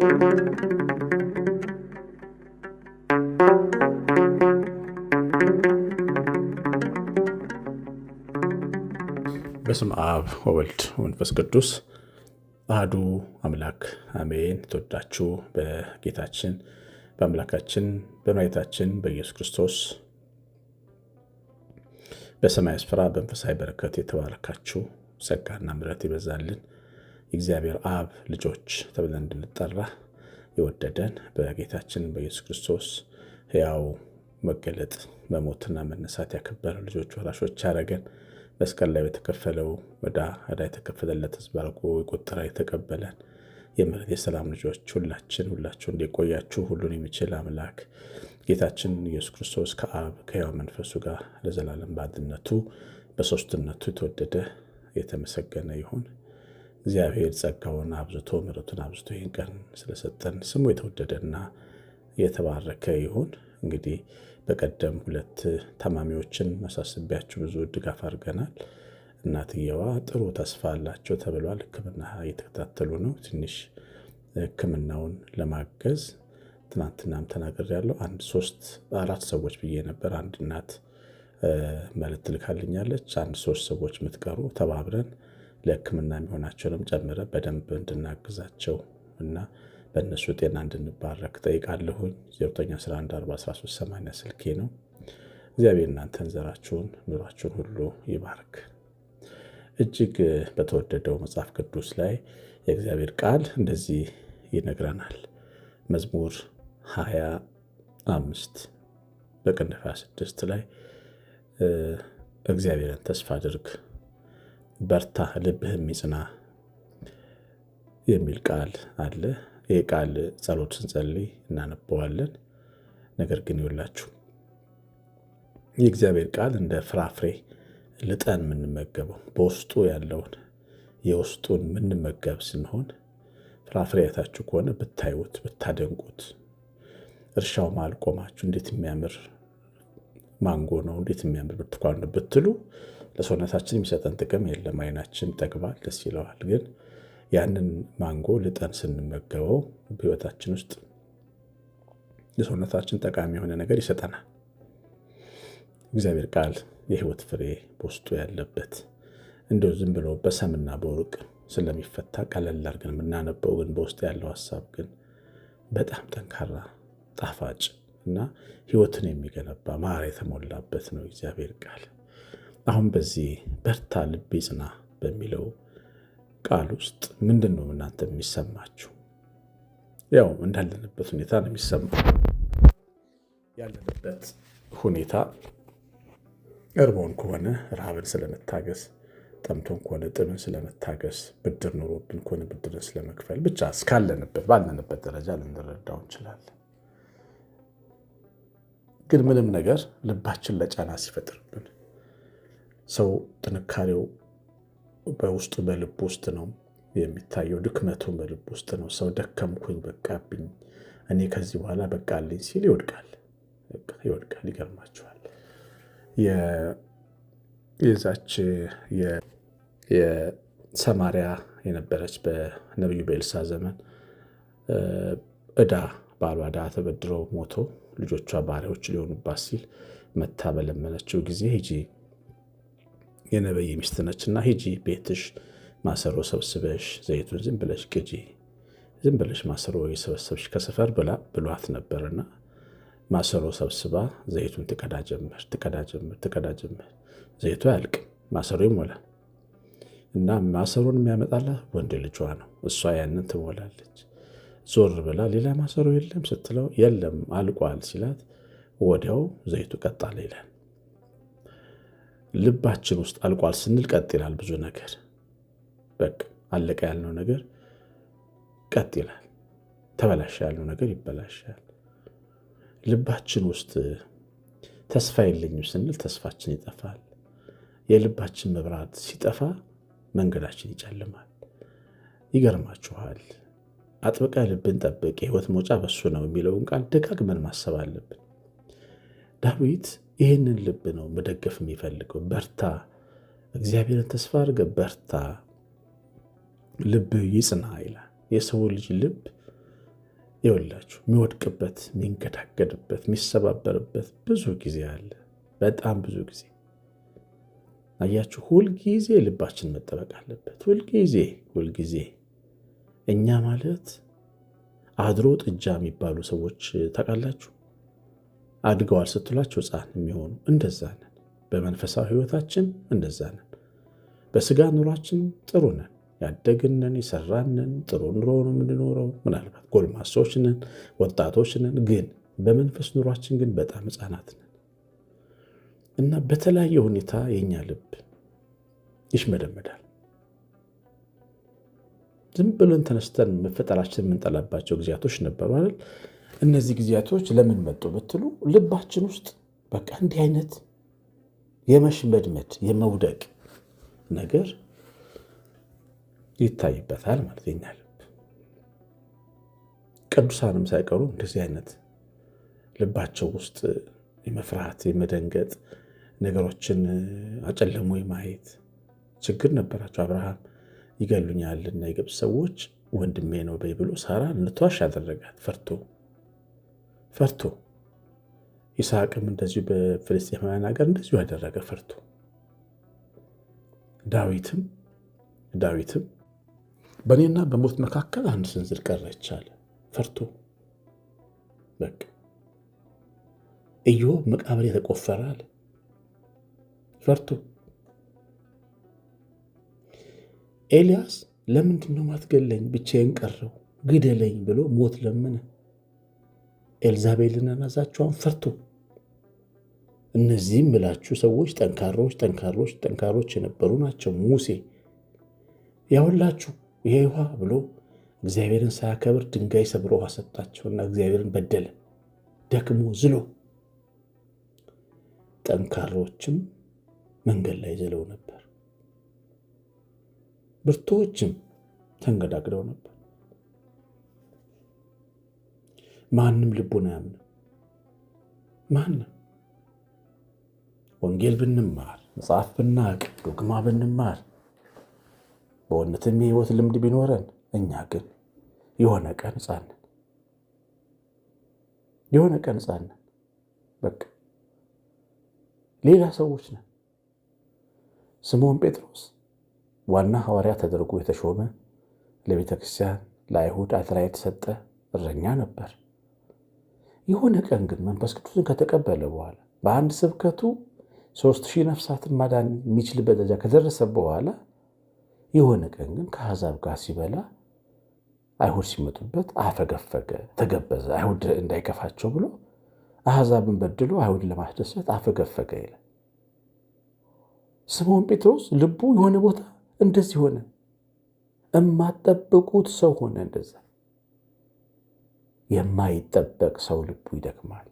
በስም አብ ወወልድ ወመንፈስ ቅዱስ አህዱ አምላክ አሜን። ተወዳችሁ በጌታችን በአምላካችን በመሬታችን በኢየሱስ ክርስቶስ በሰማይ ስፍራ በመንፈሳዊ በረከት የተባረካችሁ ጸጋና ምሕረት ይበዛልን የእግዚአብሔር አብ ልጆች ተብለን እንድንጠራ የወደደን በጌታችን በኢየሱስ ክርስቶስ ሕያው መገለጥ በሞትና መነሳት ያከበረው ልጆች ወራሾች ያደረገን መስቀል ላይ በተከፈለው ወዳ ዕዳ የተከፈለለት ሕዝብ አድርጎ የቆጠረ የተቀበለን የምሕረት የሰላም ልጆች ሁላችን ሁላችሁ እንዲቆያችሁ ሁሉን የሚችል አምላክ ጌታችን ኢየሱስ ክርስቶስ ከአብ ከሕያው መንፈሱ ጋር ለዘላለም በአንድነቱ በሶስትነቱ የተወደደ የተመሰገነ ይሁን። እግዚአብሔር ጸጋውን አብዝቶ ምሕረቱን አብዝቶ ይህን ቀን ስለሰጠን ስሙ የተወደደና የተባረከ ይሁን። እንግዲህ በቀደም ሁለት ታማሚዎችን መሳስቢያችሁ ብዙ ድጋፍ አድርገናል። እናትየዋ ጥሩ ተስፋ አላቸው ተብሏል። ሕክምና እየተከታተሉ ነው። ትንሽ ሕክምናውን ለማገዝ ትናንትናም ያለው አንድ ሶስት አራት ሰዎች ብዬ ነበር። አንድ እናት መልእክት ልካልኛለች። አንድ ሶስት ሰዎች የምትቀሩ ተባብረን ለህክምና የሚሆናቸውንም ጨምረ በደንብ እንድናግዛቸው እና በእነሱ ጤና እንድንባረክ ጠይቃለሁኝ። 9114138 ስልኬ ነው። እግዚአብሔር እናንተን ዘራችሁን ኑሯችሁን ሁሉ ይባርክ። እጅግ በተወደደው መጽሐፍ ቅዱስ ላይ የእግዚአብሔር ቃል እንደዚህ ይነግረናል። መዝሙር 25 በቅንፍ 26 ላይ እግዚአብሔርን ተስፋ አድርግ በርታ፣ ልብህም ይጽና የሚል ቃል አለ። ይህ ቃል ጸሎት ስንጸልይ እናነበዋለን። ነገር ግን ይውላችሁ የእግዚአብሔር ቃል እንደ ፍራፍሬ ልጠን የምንመገበው በውስጡ ያለውን የውስጡን የምንመገብ ስንሆን ፍራፍሬ ያታችሁ ከሆነ ብታዩት ብታደንቁት፣ እርሻው ማልቆማችሁ እንዴት የሚያምር ማንጎ ነው እንዴት የሚያምር ብርቱካን ነው ብትሉ ለሰውነታችን የሚሰጠን ጥቅም የለም። አይናችን ጠግባል፣ ደስ ይለዋል። ግን ያንን ማንጎ ልጠን ስንመገበው በህይወታችን ውስጥ ለሰውነታችን ጠቃሚ የሆነ ነገር ይሰጠናል። እግዚአብሔር ቃል የህይወት ፍሬ በውስጡ ያለበት እንደው ዝም ብሎ በሰምና በወርቅ ስለሚፈታ ቀለል አድርገን የምናነበው ግን በውስጥ ያለው ሀሳብ ግን በጣም ጠንካራ ጣፋጭ እና ህይወትን የሚገነባ ማር የተሞላበት ነው እግዚአብሔር ቃል። አሁን በዚህ በርታ ልቤ ጽና በሚለው ቃል ውስጥ ምንድን ነው እናንተ የሚሰማችሁ? ያው እንዳለንበት ሁኔታ ነው የሚሰማ። ያለንበት ሁኔታ እርቦን ከሆነ ረሃብን ስለመታገስ፣ ጠምቶን ከሆነ ጥምን ስለመታገስ፣ ብድር ኑሮብን ከሆነ ብድርን ስለመክፈል ብቻ እስካለንበት ባለንበት ደረጃ ልንረዳው እንችላለን። ግን ምንም ነገር ልባችን ለጫና ሲፈጥርብን ሰው ጥንካሬው በውስጡ በልብ ውስጥ ነው የሚታየው። ድክመቱ በልብ ውስጥ ነው። ሰው ደከምኩኝ፣ በቃብኝ፣ እኔ ከዚህ በኋላ በቃልኝ ሲል ይወድቃል፣ ይወድቃል። ይገርማችኋል የዛች የሰማሪያ የነበረች በነቢዩ በኤልሳ ዘመን እዳ ባሏ ዳ ተበድሮ ሞቶ ልጆቿ ባሪያዎች ሊሆኑባት ሲል መታ በለመነችው ጊዜ ሂጂ የነበይ ሚስት እና ሂጂ ቤትሽ ማሰሮ ሰብስበሽ ዘይቱን ዝም ብለሽ ቅጂ፣ ዝም ብለሽ ማሰሮ የሰበሰብሽ ከሰፈር ብላ ብሏት ነበርና ማሰሮ ሰብስባ ዘይቱን ትቀዳ ጀመር፣ ትቀዳ ጀመር፣ ትቀዳ ጀመር። ዘይቱ አያልቅም፣ ማሰሮ ይሞላል። እና ማሰሮን የሚያመጣላት ወንድ ልጇ ነው። እሷ ያንን ትሞላለች። ዞር ብላ ሌላ ማሰሮ የለም ስትለው የለም አልቋል ሲላት፣ ወዲያው ዘይቱ ቀጣ ይላል። ልባችን ውስጥ አልቋል ስንል ቀጥ ይላል ብዙ ነገር። በቃ አለቀ ያልነው ነገር ቀጥ ይላል። ተበላሸ ያልነው ነገር ይበላሻል። ልባችን ውስጥ ተስፋ የለኝም ስንል ተስፋችን ይጠፋል። የልባችን መብራት ሲጠፋ መንገዳችን ይጨልማል። ይገርማችኋል። አጥብቀ ልብን ጠብቅ፣ የህይወት መውጫ በሱ ነው የሚለውን ቃል ደጋግመን ማሰብ አለብን። ዳዊት ይህንን ልብ ነው መደገፍ የሚፈልገው። በርታ፣ እግዚአብሔርን ተስፋ አድርገ በርታ፣ ልብ ይጽና ይላል። የሰው ልጅ ልብ ይወላችሁ የሚወድቅበት፣ የሚንገዳገድበት፣ የሚሰባበርበት ብዙ ጊዜ አለ። በጣም ብዙ ጊዜ አያችሁ። ሁልጊዜ ልባችን መጠበቅ አለበት። ሁልጊዜ ሁልጊዜ እኛ ማለት አድሮ ጥጃ የሚባሉ ሰዎች ታውቃላችሁ። አድገዋል ስትላቸው ሕፃን የሚሆኑ እንደዛ ነን። በመንፈሳዊ ሕይወታችን እንደዛ ነን። በስጋ ኑሯችን ጥሩ ነን፣ ያደግነን፣ የሰራንን ጥሩ ኑሮ ነው የምንኖረው። ምናልባት ጎልማሶች ነን፣ ወጣቶች ነን። ግን በመንፈስ ኑሯችን ግን በጣም ሕፃናት ነን እና በተለያየ ሁኔታ የኛ ልብ ይሽመደመዳል። ዝም ብለን ተነስተን መፈጠራችን የምንጠላባቸው ጊዜያቶች ነበሩ አይደል? እነዚህ ጊዜያቶች ለምን መጡ ብትሉ ልባችን ውስጥ በቃ እንዲህ አይነት የመሽመድመድ የመውደቅ ነገር ይታይበታል ማለት የኛ ልብ። ቅዱሳንም ሳይቀሩ እንደዚህ አይነት ልባቸው ውስጥ የመፍራት የመደንገጥ ነገሮችን አጨለሞ የማየት ችግር ነበራቸው። አብርሃም ይገሉኛልና የግብፅ ሰዎች ወንድሜ ነው በይ ብሎ ሳራ ልትዋሽ ያደረጋት ፈርቶ ፈርቶ ይስሐቅም እንደዚሁ በፍልስጤማውያን ሀገር እንደዚሁ ያደረገ ፈርቶ ዳዊትም ዳዊትም በእኔና በሞት መካከል አንድ ስንዝር ቀረች አለ ፈርቶ በቃ ኢዮብ መቃብር የተቆፈረ አለ ፈርቶ ኤልያስ ለምንድን ነው ማትገለኝ ብቻዬን ቀረው ግደለኝ ብሎ ሞት ለምን ኤልዛቤልን ራሳቸዋን ፈርቶ እነዚህም ብላችሁ ሰዎች ጠንካሮች ጠንካሮች ጠንካሮች የነበሩ ናቸው። ሙሴ ያውላችሁ ይሄ ውሃ ብሎ እግዚአብሔርን ሳያከብር ድንጋይ ሰብሮ ውሃ ሰጣቸውና እግዚአብሔርን በደለ። ደክሞ ዝሎ ጠንካሮችም መንገድ ላይ ዝለው ነበር፣ ብርቶዎችም ተንገዳግደው ነበር። ማንም ልቡን አያምንም። ማንም ወንጌል ብንማር መጽሐፍ ብናቅ ዶግማ ብንማር በእውነትም የህይወት ልምድ ቢኖረን እኛ ግን የሆነ ቀን ህፃንን የሆነ ቀን ህፃንን በቃ ሌላ ሰዎች ነን። ስምዖን ጴጥሮስ ዋና ሐዋርያ ተደርጎ የተሾመ ለቤተ ክርስቲያን ለአይሁድ አደራ የተሰጠ እረኛ ነበር። የሆነ ቀን ግን መንፈስ ቅዱስን ከተቀበለ በኋላ በአንድ ስብከቱ ሶስት ሺህ ነፍሳትን ማዳን የሚችልበት ደረጃ ከደረሰ በኋላ የሆነ ቀን ግን ከአሕዛብ ጋር ሲበላ አይሁድ ሲመጡበት አፈገፈገ፣ ተገበዘ። አይሁድ እንዳይከፋቸው ብሎ አሕዛብን በድሎ አይሁድ ለማስደሰት አፈገፈገ ይለ ስምዖን ጴጥሮስ ልቡ የሆነ ቦታ እንደዚህ ሆነ። እማጠብቁት ሰው ሆነ እንደዛ የማይጠበቅ ሰው ልቡ ይደክማል።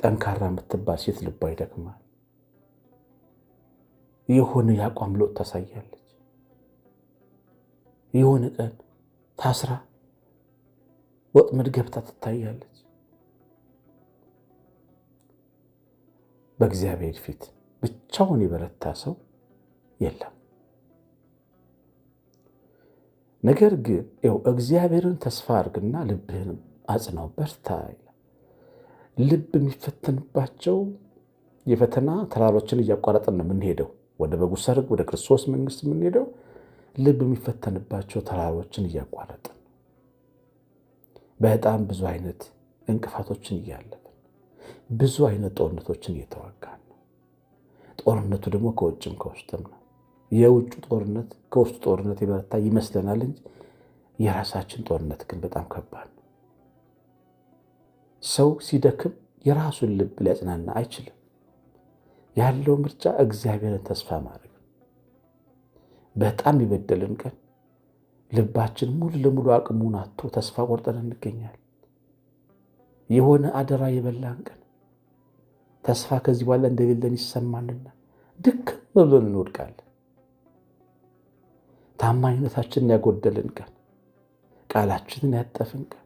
ጠንካራ የምትባል ሴት ልቧ ይደክማል። የሆነ የአቋም ለውጥ ታሳያለች። የሆነ ቀን ታስራ ወጥመድ ገብታ ትታያለች። በእግዚአብሔር ፊት ብቻውን የበረታ ሰው የለም። ነገር ግን ው እግዚአብሔርን ተስፋ አድርግና ልብህን አጽናው፣ በርታ። ልብ የሚፈተንባቸው የፈተና ተራሮችን እያቋረጥን ነው የምንሄደው። ወደ በጉ ሰርግ፣ ወደ ክርስቶስ መንግስት የምንሄደው ልብ የሚፈተንባቸው ተራሮችን እያቋረጥን በጣም ብዙ አይነት እንቅፋቶችን እያለፍን ብዙ አይነት ጦርነቶችን እየተዋጋን ነው። ጦርነቱ ደግሞ ከውጭም ከውስጥም ነው። የውጭ ጦርነት ከውስጡ ጦርነት የበረታ ይመስለናል እንጂ የራሳችን ጦርነት ግን በጣም ከባድ ነው። ሰው ሲደክም የራሱን ልብ ሊያጽናና አይችልም። ያለው ምርጫ እግዚአብሔርን ተስፋ ማድረግ በጣም የበደልን ቀን ልባችን ሙሉ ለሙሉ አቅሙን አጥቶ ተስፋ ቆርጠን እንገኛል። የሆነ አደራ የበላን ቀን ተስፋ ከዚህ በኋላ እንደሌለን ይሰማንና ድክም ብለን እንወድቃለን። ታማኝነታችንን ያጎደልን ቀን፣ ቃላችንን ያጠፍን ቀን፣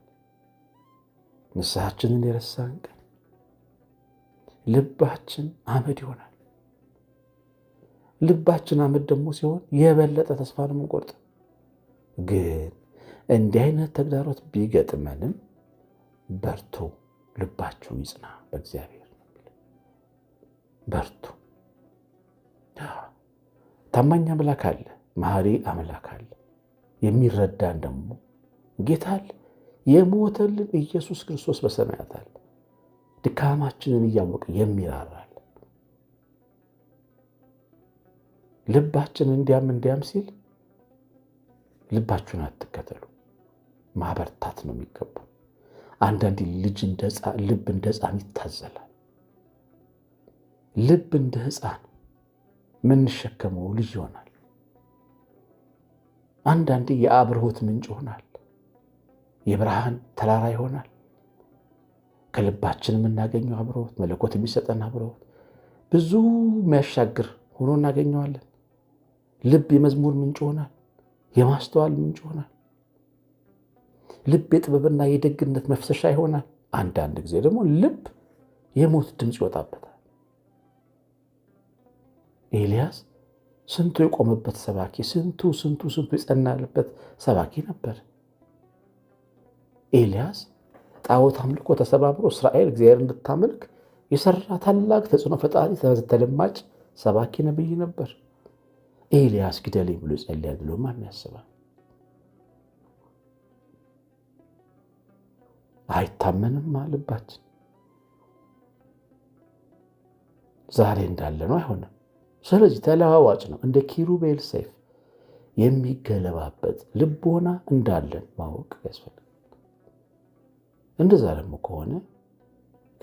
ንስሐችንን የረሳን ቀን፣ ልባችን አመድ ይሆናል። ልባችን አመድ ደግሞ ሲሆን የበለጠ ተስፋ ነው ግን እንዲህ አይነት ተግዳሮት ቢገጥመንም በርቱ፣ ልባችሁ ይጽና በእግዚአብሔር በርቱ። ታማኝ አምላክ አለ። መሐሪ አምላክ አለ። የሚረዳን ደግሞ ጌታ አለ። የሞተልን ኢየሱስ ክርስቶስ በሰማያት አለ። ድካማችንን እያወቀ የሚራራል። ልባችን እንዲያም እንዲያም ሲል ልባችሁን አትከተሉ። ማበርታት ነው የሚገቡ። አንዳንዴ ልጅ ልብ እንደ ሕፃን ይታዘላል። ልብ እንደ ሕፃን የምንሸከመው ልጅ ይሆናል። አንዳንዴ የአብርሆት ምንጭ ይሆናል። የብርሃን ተራራ ይሆናል። ከልባችን የምናገኘው አብርሆት፣ መለኮት የሚሰጠን አብርሆት ብዙ የሚያሻግር ሆኖ እናገኘዋለን። ልብ የመዝሙር ምንጭ ይሆናል። የማስተዋል ምንጭ ይሆናል። ልብ የጥበብና የደግነት መፍሰሻ ይሆናል። አንዳንድ ጊዜ ደግሞ ልብ የሞት ድምፅ ይወጣበታል። ኤልያስ ስንቱ የቆመበት ሰባኪ፣ ስንቱ ስንቱ ስንቱ የጸናልበት ሰባኪ ነበር። ኤልያስ ጣዖት አምልኮ ተሰባብሮ እስራኤል እግዚአብሔር እንድታመልክ የሰራ ታላቅ ተጽዕኖ ፈጣሪ ተለማጭ ሰባኪ ነብይ ነበር። ኤልያስ ግደሌ ብሎ ይጸልያል ብሎ ማን ያስባል? አይታመንም ልባችን ዛሬ እንዳለ ነው። አይሆንም። ስለዚህ ተለዋዋጭ ነው። እንደ ኪሩቤል ሰይፍ የሚገለባበት ልቦና እንዳለን ማወቅ ያስፈልጋል። እንደዛ ደግሞ ከሆነ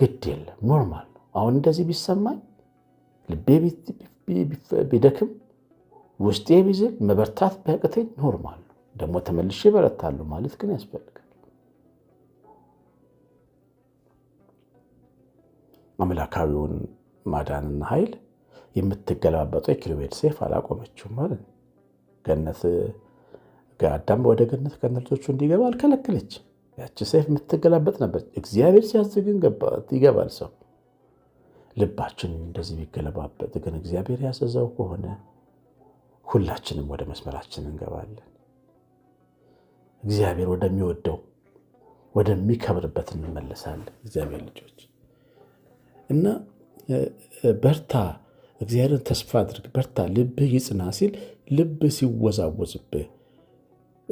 ግድ የለም ኖርማል ነው። አሁን እንደዚህ ቢሰማኝ ልቤ ቢደክም ውስጤ ቢዝል መበርታት ቢያቅተኝ ኖርማል ነው። ደግሞ ተመልሼ በረታለሁ ማለት ግን ያስፈልጋል። አምላካዊውን ማዳንና ኃይል የምትገለባበጠው የኪሩቤል ሴፍ አላቆመችውም ማለት ነው። ገነት አዳም ወደ ገነት ከነ እንዲገባ አልከለከለች። ያቺ ሴፍ የምትገላበጥ ነበር። እግዚአብሔር ሲያዝ ግን ይገባል ሰው ልባችን እንደዚህ ቢገለባበጥ ግን እግዚአብሔር ያዘዘው ከሆነ ሁላችንም ወደ መስመራችን እንገባለን። እግዚአብሔር ወደሚወደው ወደሚከብርበት እንመለሳለን። እግዚአብሔር ልጆች እና በርታ እግዚአብሔርን ተስፋ አድርግ፣ በርታ፣ ልብህ ይጽና ሲል ልብህ ሲወዛወዝብህ፣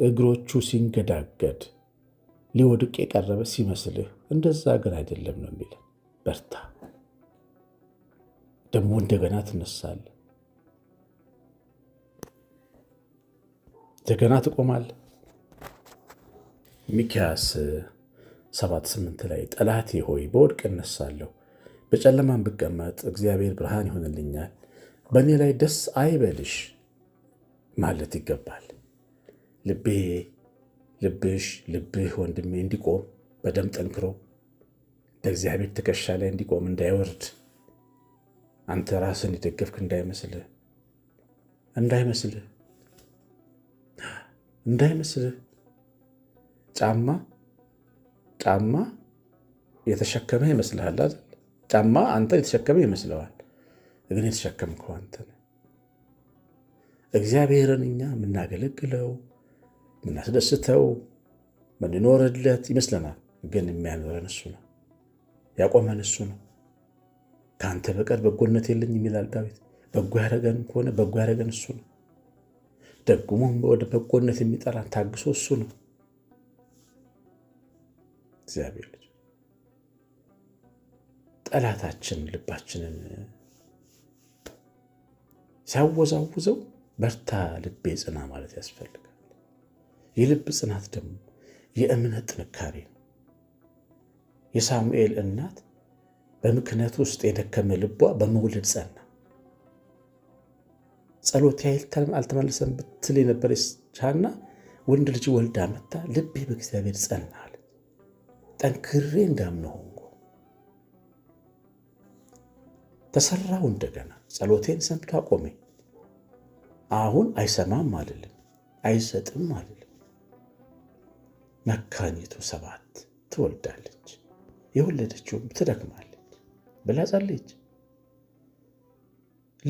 እግሮቹ ሲንገዳገድ፣ ሊወድቅ የቀረበ ሲመስልህ እንደዛ ግን አይደለም ነው የሚል በርታ። ደግሞ እንደገና ትነሳለህ፣ እንደገና ትቆማለህ። ሚኪያስ ሰባት ስምንት ላይ ጠላቴ ሆይ በወድቅ እነሳለሁ በጨለማን ብቀመጥ እግዚአብሔር ብርሃን ይሆንልኛል፣ በእኔ ላይ ደስ አይበልሽ ማለት ይገባል። ልቤ ልብሽ ልብህ ወንድሜ እንዲቆም በደም ጠንክሮ ለእግዚአብሔር ትከሻ ላይ እንዲቆም እንዳይወርድ አንተ ራስን የደገፍክ እንዳይመስልህ እንዳይመስልህ እንዳይመስልህ ጫማ ጫማ የተሸከመ ይመስልሃል ጫማ አንተ የተሸከመ ይመስለዋል፣ ግን የተሸከምከው አንተ እግዚአብሔርን እኛ የምናገለግለው የምናስደስተው ምንኖርለት ይመስለናል፣ ግን የሚያኖረን እሱ ነው። ያቆመን እሱ ነው። ከአንተ በቀር በጎነት የለኝ የሚላል ዳዊት። በጎ ያደረገን ከሆነ በጎ ያደረገን እሱ ነው። ደግሞም ወደ በጎነት የሚጠራን ታግሶ እሱ ነው እግዚአብሔር ጠላታችን ልባችንን ሲያወዛውዘው በርታ ልቤ ጽና ማለት ያስፈልጋል። የልብ ጽናት ደግሞ የእምነት ጥንካሬ ነው። የሳሙኤል እናት በምክንያት ውስጥ የደከመ ልቧ በመውለድ ጸና። ጸሎት ያይል አልተመለሰም ብትል የነበረ ቻና ወንድ ልጅ ወልዳ መታ ልቤ በእግዚአብሔር ጸና ጠንክሬ እንዳምነው ተሰራው እንደገና ጸሎቴን ሰምቶ አቆሜ። አሁን አይሰማም አልልም፣ አይሰጥም አልልም። መካኒቱ ሰባት ትወልዳለች፣ የወለደችውም ትደክማለች ብላ ጸለየች።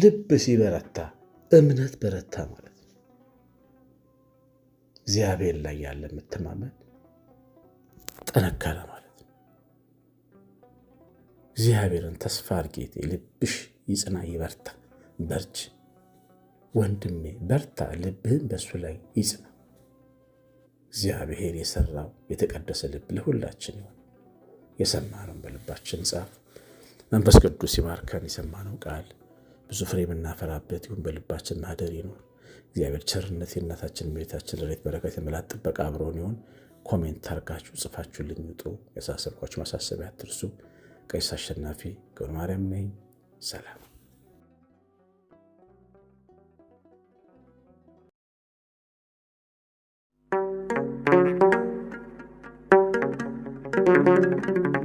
ልብ ሲበረታ እምነት በረታ ማለት ነው። እግዚአብሔር ላይ ያለ መተማመን ጠነከረ ማለት እግዚአብሔርን ተስፋ አድርጌ ልብሽ ይጽና ይበርታ። በርች ወንድሜ በርታ፣ ልብህን በእሱ ላይ ይጽና። እግዚአብሔር የሰራው የተቀደሰ ልብ ለሁላችን ይሆን። የሰማነውን በልባችን ጻፍ። መንፈስ ቅዱስ ይባርከን። የሰማነው ቃል ብዙ ፍሬ የምናፈራበት ይሁን። በልባችን ማደር ይኖር። እግዚአብሔር ቸርነት፣ የእናታችን ቤታችን ረድኤት፣ በረከት፣ የመላት ጥበቃ አብሮን ይሆን። ኮሜንት አርጋችሁ ጽፋችሁ ውጡ። ያሳሰብኳችሁ ማሳሰቢያ አትርሱ። قيس الشنافي قول مريم ني سلام Thank you.